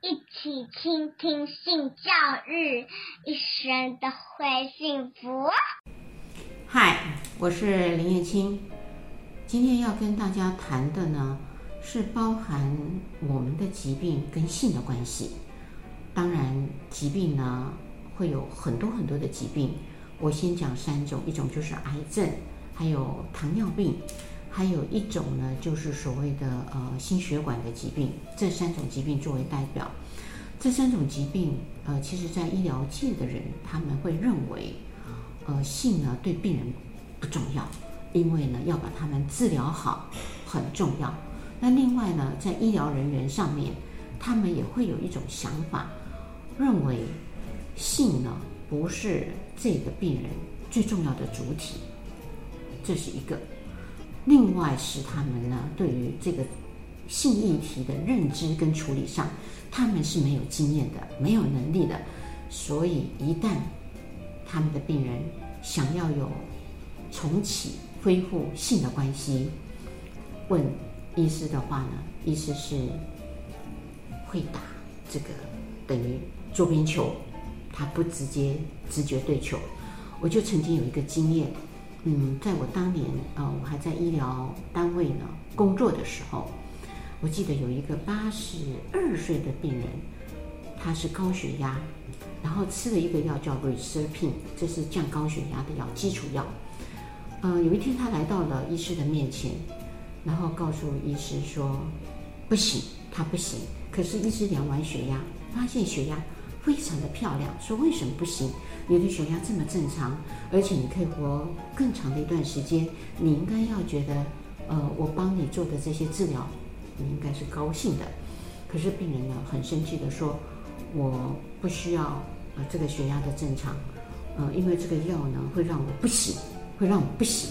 一起傾聽性教育，一生都會幸福。嗨，我是林燕卿，今天要跟大家談的呢，是包含我們的疾病跟性的關係。當然，疾病呢會有很多很多的疾病，我先講三種，一種就是癌症，還有糖尿病。還有一種呢，就是所謂的呃心血管的疾病，這三種疾病作為代表。這三種疾病，呃，其實，在醫療界的人他們會認為，呃，性呢對病人不重要，因為呢要把他們治療好很重要。那另外呢，在醫療人員上面，他們也會有一種想法，認為性呢不是這個病人最重要的主體，這是一個。另外是他們呢，對於這個性議題的認知跟處理上，他們是沒有經驗的，沒有能力的，所以一旦他們的病人想要有重啟恢復性的關係，問醫師的話呢，醫師是會打這個等於擦邊球，他不直接直球對決。我就曾經有一個經驗。嗯，在我當年啊、呃，我還在醫療單位呢工作的時候，我記得有一個八十二歲的病人，他是高血壓，然後吃了一個藥叫 Reserpine，這是降高血壓的藥，基礎藥。嗯、呃，有一天他來到了醫師的面前，然後告訴醫師說：“不行，他不行。”可是醫師量完血壓，發現血壓。非常的漂亮，說為什麼不行？你的血壓這麼正常，而且你可以活更長的一段時間，你應該要覺得，呃，我幫你做的這些治療，你應該是高興的。可是病人呢，很生氣的說，我不需要呃這個血壓的正常，呃，因為這個藥呢，會讓我不行，會讓我不行。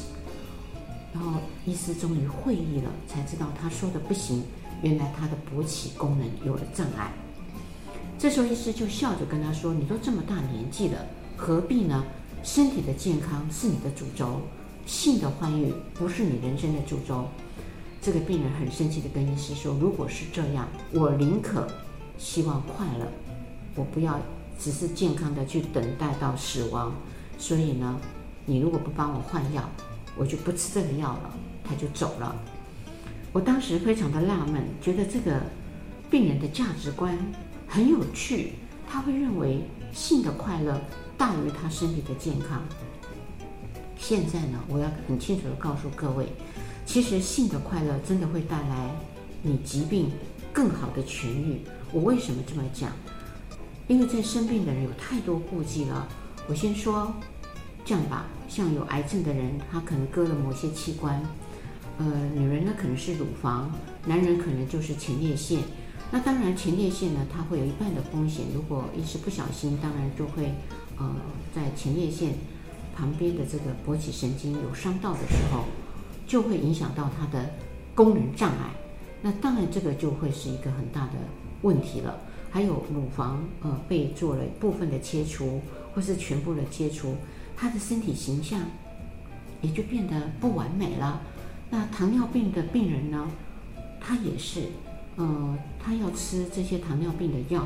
然後醫師終於會意了，才知道他說的不行，原來他的勃起功能有了障礙。這時候，醫師就笑着跟他說：“你都這麼大年紀了，何必呢？身體的健康是你的主軸，性的歡愉不是你人生的主軸。”這個病人很生氣的跟醫師說：“如果是這樣，我寧可希望快樂，我不要只是健康的去等待到死亡。所以呢，你如果不幫我換藥，我就不吃這個藥了。”他就走了。我當時非常的納悶，覺得這個病人的價值觀。很有趣，他會認為性的快樂大於他身體的健康。現在呢，我要很清楚地告訴各位，其實性的快樂真的會帶來你疾病更好的痊愈。我為什麼這麼講？因為在生病的人有太多顧忌了。我先說，這樣吧，像有癌症的人，他可能割了某些器官，呃，女人呢，可能是乳房，男人可能就是前列腺。那當然，前列腺呢，它會有一半的風險。如果一時不小心，當然就會，呃，在前列腺旁邊的這個勃起神經有傷到的時候，就會影響到它的功能障礙。那當然，這個就會是一個很大的問題了。還有乳房，呃，被做了部分的切除或是全部的切除，他的身體形象也就變得不完美了。那糖尿病的病人呢，他也是。呃、嗯，他要吃這些糖尿病的藥，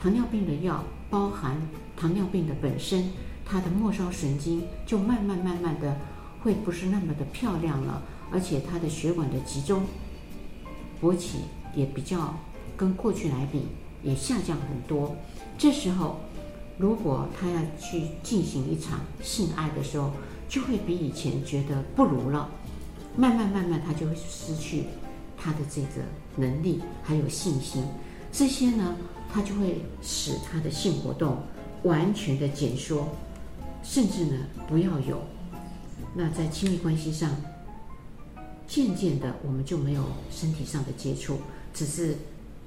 糖尿病的藥包含糖尿病的本身，他的末梢神經就慢慢慢慢的會不是那麼的漂亮了，而且他的血管的集中勃起也比較跟過去來比也下降很多。這時候如果他要去進行一場性愛的時候，就會比以前覺得不如了，慢慢慢慢他就會失去。他的這個能力還有信心，這些呢，他就會使他的性活動完全的減縮，甚至呢不要有。那在親密關係上，漸漸的我們就沒有身體上的接觸，只是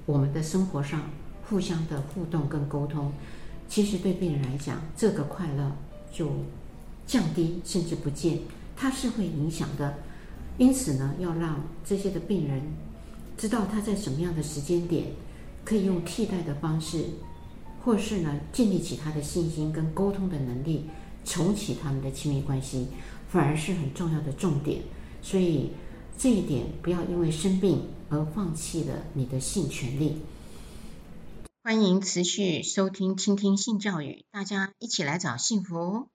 我們的生活上互相的互動跟溝通。其實對病人來講，這個快樂就降低，甚至不見，它是會影響的。因此呢，要讓這些的病人知道他在什麼樣的時間點可以用替代的方式，或是呢建立起他的信心跟溝通的能力，重啟他們的親密關係，反而是很重要的重點。所以這一點不要因為生病而放棄了你的性權利。歡迎持續收聽《傾聽性教育》，大家一起來找幸福哦。